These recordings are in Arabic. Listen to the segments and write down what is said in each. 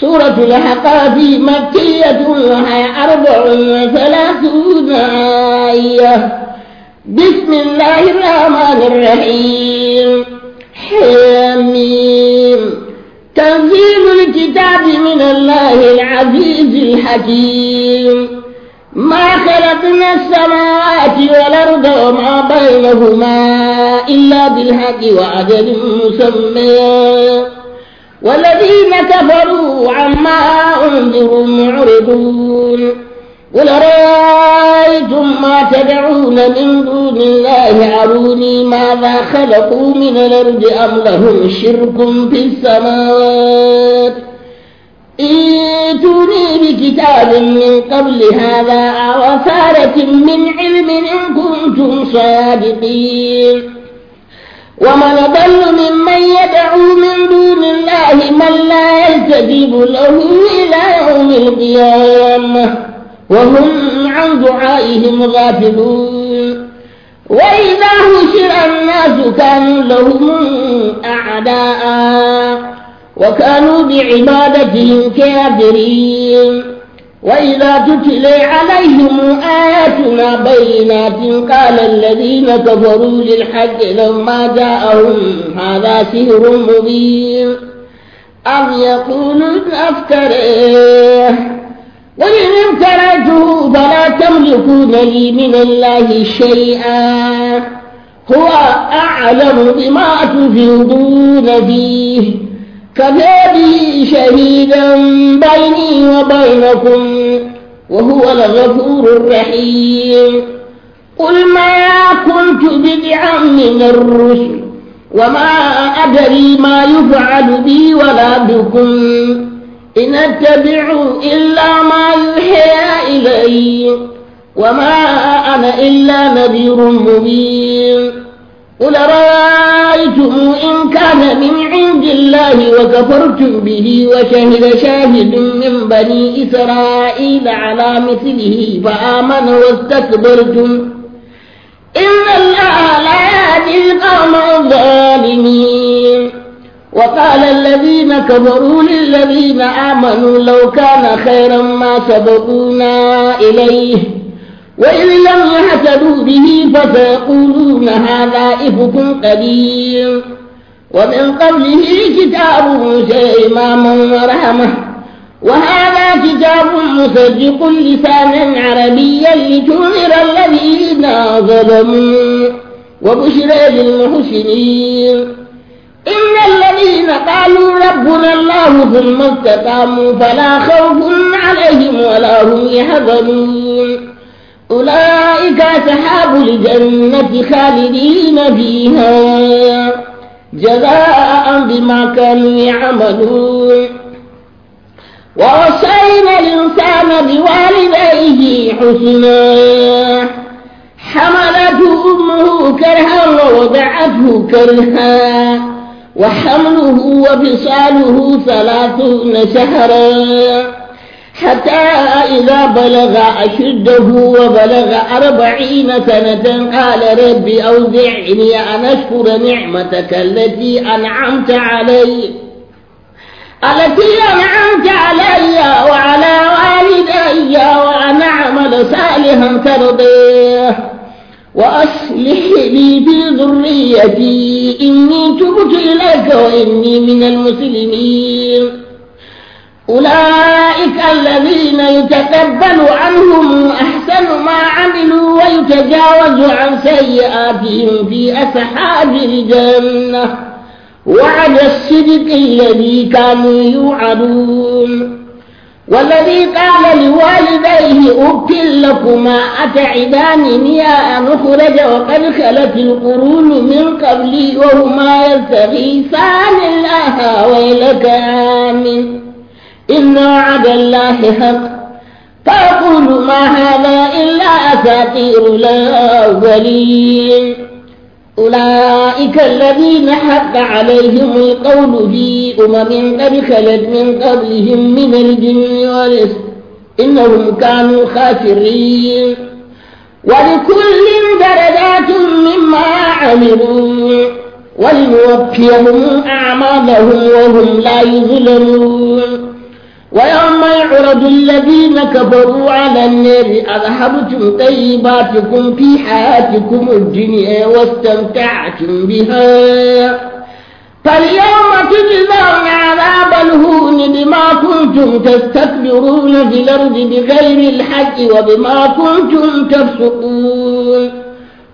سورة الحقاب مكية لها أربع وثلاثون آية بسم الله الرحمن الرحيم حميم تنزيل الكتاب من الله العزيز الحكيم ما خلقنا السماوات والأرض وما بينهما إلا بالحق وأجل مسمى والذين كفروا عما أنذروا معرضون قل رأيتم ما تدعون من دون الله أروني ماذا خلقوا من الأرض أم لهم شرك في السماوات ائتوني بكتاب من قبل هذا أو أثارة من علم إن كنتم صادقين ومن ضل ممن يدعو من دون الله من لا يستجيب له إلى يوم القيامة وهم عن دعائهم غافلون وإذا حشر الناس كانوا لهم أعداء وكانوا بعبادتهم كافرين وإذا تتلي عليهم آياتنا بينات قال الذين كفروا للحق لما جاءهم هذا سحر مبين أم يقولون أفتريه قل إن افتريته فلا تملكون لي من الله شيئا هو أعلم بما تفيضون فيه كفى بي شهيدا بيني وبينكم وهو الغفور الرحيم قل ما كنت بدعا من الرسل وما أدري ما يفعل بي ولا بكم إن أتبع إلا ما يوحى إلي وما أنا إلا نذير مبين قل رأى أرأيتم إن كان من عند الله وكفرتم به وشهد شاهد من بني إسرائيل على مثله فآمن واستكبرتم إن الله لا يهدي القوم الظالمين وقال الذين كفروا للذين آمنوا لو كان خيرا ما سبقونا إليه وإذ جحدوا به فسيقولون هذا إفك قديم ومن قبله كتاب موسى إماما ورحمة وهذا كتاب مصدق لسانا عربيا لتنذر الذين ظلموا وبشرى للمحسنين إن الذين قالوا ربنا الله ثم استقاموا فلا خوف عليهم ولا هم يحزنون أولئك أصحاب الجنة خالدين فيها جزاء بما كانوا يعملون ووصينا الإنسان بوالديه حسنا حملته أمه كرها ووضعته كرها وحمله وفصاله ثلاثون شهرا حتى إذا بلغ أشده وبلغ أربعين سنة قال ربي أوزعني أن أشكر نعمتك التي أنعمت علي التي أنعمت علي وعلى والدي وأن أعمل صالحا ترضيه وأصلح لي في ذريتي إني تبت إليك وإني من المسلمين أولئك ويتقبل عنهم أحسن ما عملوا ويتجاوز عن سيئاتهم في أسحاب الجنة وعد الصدق الذي كانوا يوعدون والذي قال لوالديه أف لكما أتعدانني أن أخرج وقد خلت القرون من قبلي وهما يستغيثان الله ويلك آمن إن وعد الله حق تقول ما هذا إلا أساطير الأولين أولئك الذين حق عليهم القول في أمم قد خلت من قبلهم من الجن والإنس إنهم كانوا خاسرين ولكل درجات مما عملوا ولنوفيهم أعمالهم وهم لا يظلمون ويوم يعرض الذين كفروا على النار أذهبتم طيباتكم في حياتكم الدنيا واستمتعتم بها فاليوم تجزون عذاب الهون بما كنتم تستكبرون في الأرض بغير الحق وبما كنتم تفسقون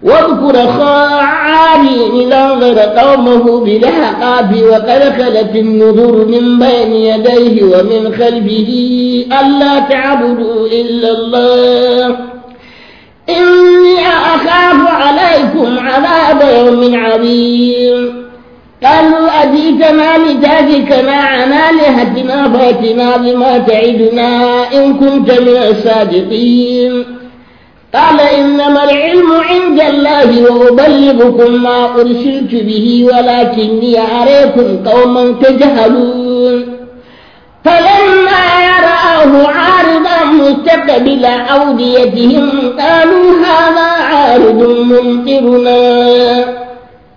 واذكر خاعان إلى إذ قومه بالأحقاف وقد خلت النذر من بين يديه ومن خلفه ألا تعبدوا إلا الله إني أخاف عليكم عذاب يوم عظيم قالوا أجئتنا لتهلكنا ما عن آلهتنا فأتنا بما تعدنا إن كنت من الصادقين قال إنما العلم عند الله وأبلغكم ما أرسلت به ولكني أريكم قوما تجهلون فلما يراه عارضا مستقبل أوديتهم قالوا هذا عارض ممطرنا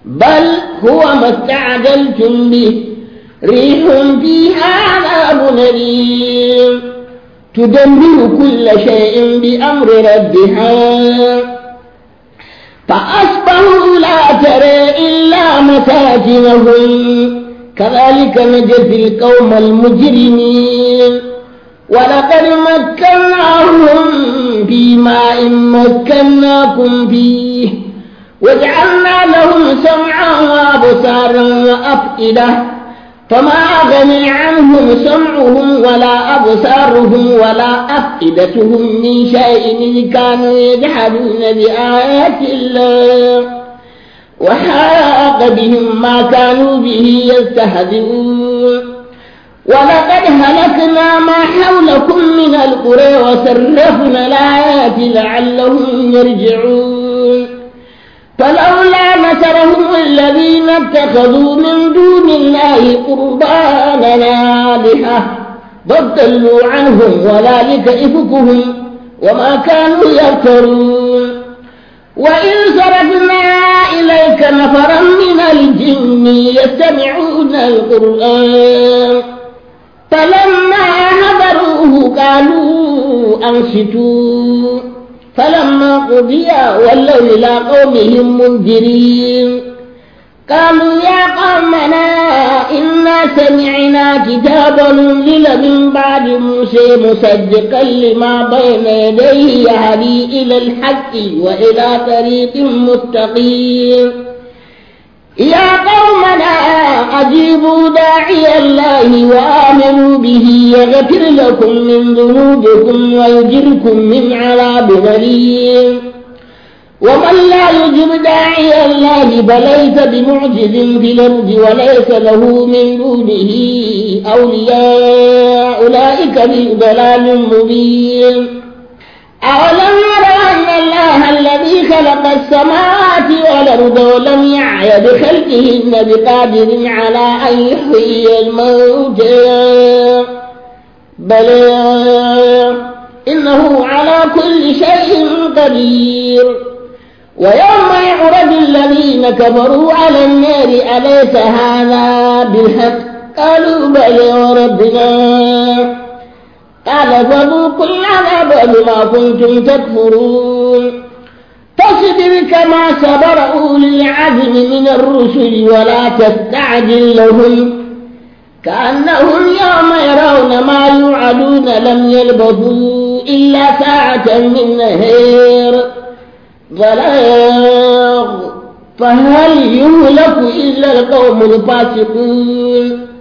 بل هو ما استعجلتم به ريح فيها عذاب نَرِيمٌ تدمر كل شيء بأمر ربها فأصبحوا لا ترى إلا مساكنهم كذلك نجزي القوم المجرمين ولقد مكناهم في ماء مكناكم فيه وجعلنا لهم سمعا وابصارا وأفئدة فما أغني عنهم سمعهم ولا أبصارهم ولا أفئدتهم من شيء إذ كانوا يجحدون بآيات الله وحاق بهم ما كانوا به يستهزئون ولقد هلكنا ما حولكم من القرى وصرفنا الآيات لعلهم يرجعون فلولا نكرهم الذين اتخذوا من دون الله قربانا آلهة فضلوا عنهم وذلك إفكهم وما كانوا يفترون وإن صرفنا إليك نفرا من الجن يستمعون القرآن فلما حضروه قالوا أنشتون فلما قضي ولوا إلى قومهم منذرين قالوا يا قومنا إنا سمعنا كتابا أنزل من بعد موسى مصدقا لما بين يديه يهدي إلى الحق وإلى طريق مستقيم يا قومنا أجيبوا داعي الله وآمنوا به يغفر لكم من ذنوبكم ويجركم من عذاب أليم ومن لا يجب داعي الله فليس بمعجز في الأرض وليس له من دونه أولياء أولئك في ضلال مبين أولم يرى أن الله الذي خلق السماوات والأرض ولم يعي بخلقهن بقادر على أن يحيي الموتى بلى إنه على كل شيء قدير ويوم يعرض الذين كفروا على النار أليس هذا بالحق قالوا بلى وربنا قال فذوقوا العذاب بما كنتم تكفرون فاصبر كما صبر أولي العزم من الرسل ولا تستعجل لهم كأنهم يوم يرون ما يوعدون لم يلبثوا إلا ساعة من نهير ظلاغ فهل يهلك إلا القوم الفاسقون